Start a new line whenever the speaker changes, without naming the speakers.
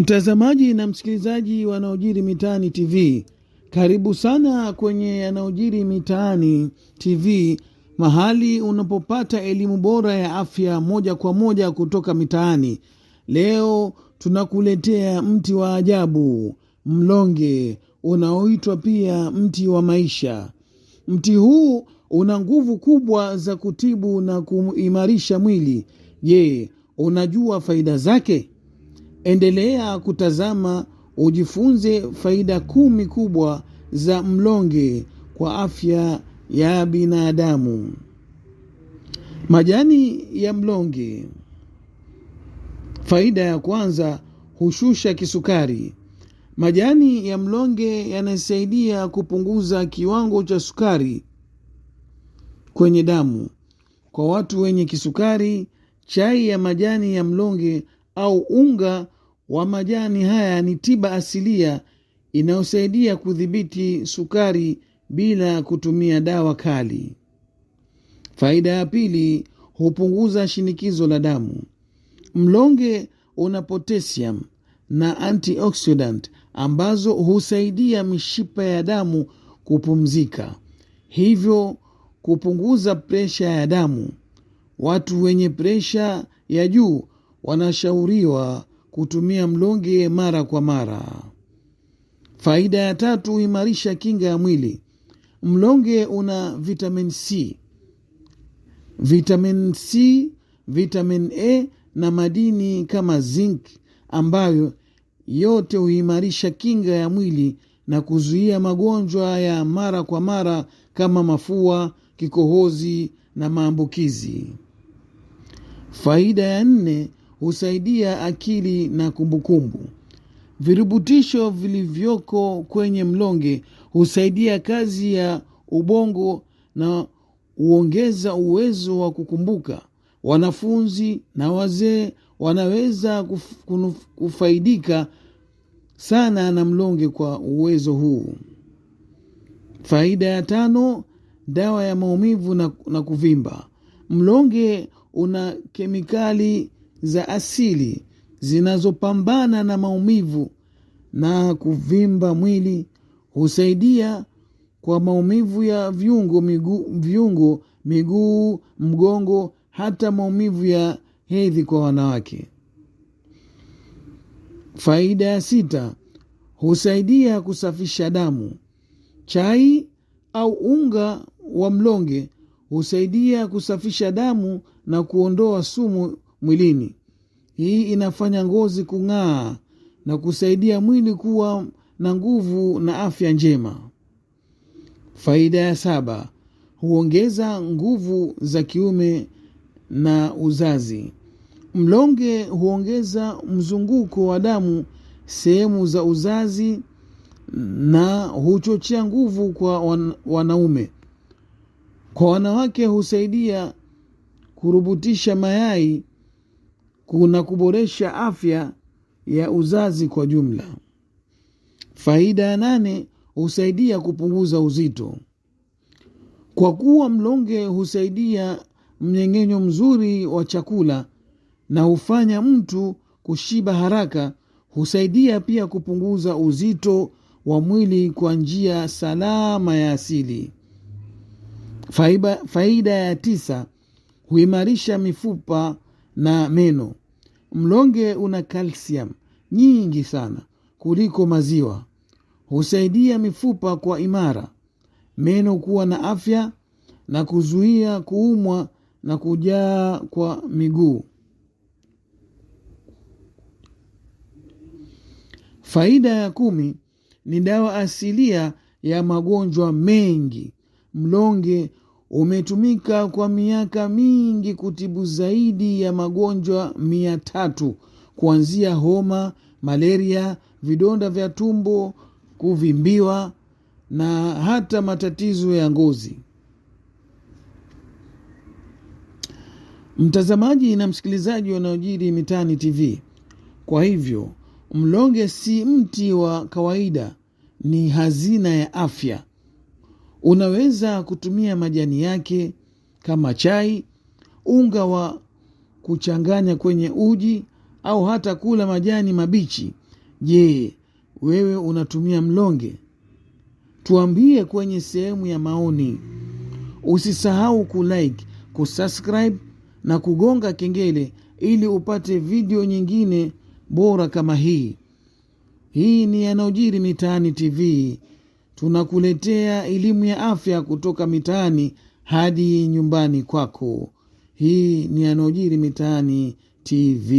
Mtazamaji na msikilizaji wa Yanayojiri Mitaani TV, karibu sana kwenye Yanayojiri Mitaani TV, mahali unapopata elimu bora ya afya moja kwa moja kutoka mitaani. Leo tunakuletea mti wa ajabu, mlonge, unaoitwa pia mti wa maisha. Mti huu una nguvu kubwa za kutibu na kuimarisha mwili. Je, unajua faida zake? Endelea kutazama ujifunze faida kumi kubwa za mlonge kwa afya ya binadamu. Majani ya mlonge. Faida ya kwanza, hushusha kisukari. Majani ya mlonge yanasaidia kupunguza kiwango cha sukari kwenye damu. Kwa watu wenye kisukari, chai ya majani ya mlonge au unga wa majani haya ni tiba asilia inayosaidia kudhibiti sukari bila kutumia dawa kali. Faida ya pili, hupunguza shinikizo la damu. Mlonge una potassium na antioxidant ambazo husaidia mishipa ya damu kupumzika, hivyo kupunguza presha ya damu. Watu wenye presha ya juu wanashauriwa kutumia mlonge mara kwa mara. Faida ya tatu, huimarisha kinga ya mwili. Mlonge una vitamin C, vitamin C, vitamin A na madini kama zinc ambayo yote huimarisha kinga ya mwili na kuzuia magonjwa ya mara kwa mara kama mafua, kikohozi na maambukizi. Faida ya nne husaidia akili na kumbukumbu. Virubutisho vilivyoko kwenye mlonge husaidia kazi ya ubongo na huongeza uwezo wa kukumbuka. Wanafunzi na wazee wanaweza kuf, kufaidika sana na mlonge kwa uwezo huu. Faida ya tano: dawa ya maumivu na, na kuvimba. Mlonge una kemikali za asili zinazopambana na maumivu na kuvimba mwili, husaidia kwa maumivu ya viungo miguu, viungo miguu, mgongo, hata maumivu ya hedhi kwa wanawake. Faida ya sita, husaidia kusafisha damu. Chai au unga wa mlonge husaidia kusafisha damu na kuondoa sumu mwilini. Hii inafanya ngozi kung'aa na kusaidia mwili kuwa na nguvu na afya njema. Faida ya saba, huongeza nguvu za kiume na uzazi. Mlonge huongeza mzunguko wa damu sehemu za uzazi na huchochea nguvu kwa wanaume. Kwa wanawake husaidia kurubutisha mayai kuna kuboresha afya ya uzazi kwa jumla. Faida ya nane, husaidia kupunguza uzito. Kwa kuwa mlonge husaidia mmeng'enyo mzuri wa chakula na hufanya mtu kushiba haraka, husaidia pia kupunguza uzito wa mwili kwa njia salama ya asili. faida ya tisa, huimarisha mifupa na meno. Mlonge una kalsiamu nyingi sana kuliko maziwa, husaidia mifupa kwa imara, meno kuwa na afya na kuzuia kuumwa na kujaa kwa miguu. Faida ya kumi ni dawa asilia ya magonjwa mengi. Mlonge umetumika kwa miaka mingi kutibu zaidi ya magonjwa mia tatu kuanzia homa, malaria, vidonda vya tumbo, kuvimbiwa na hata matatizo ya ngozi. Mtazamaji na msikilizaji wanaojiri mitaani TV. Kwa hivyo mlonge si mti wa kawaida, ni hazina ya afya Unaweza kutumia majani yake kama chai, unga wa kuchanganya kwenye uji au hata kula majani mabichi. Je, wewe unatumia mlonge? Tuambie kwenye sehemu ya maoni. Usisahau kulike, kusubscribe na kugonga kengele ili upate video nyingine bora kama hii. Hii ni Yanayojiri Mitaani TV tunakuletea elimu ya afya kutoka mitaani hadi nyumbani kwako. Hii ni anaojiri mitaani TV.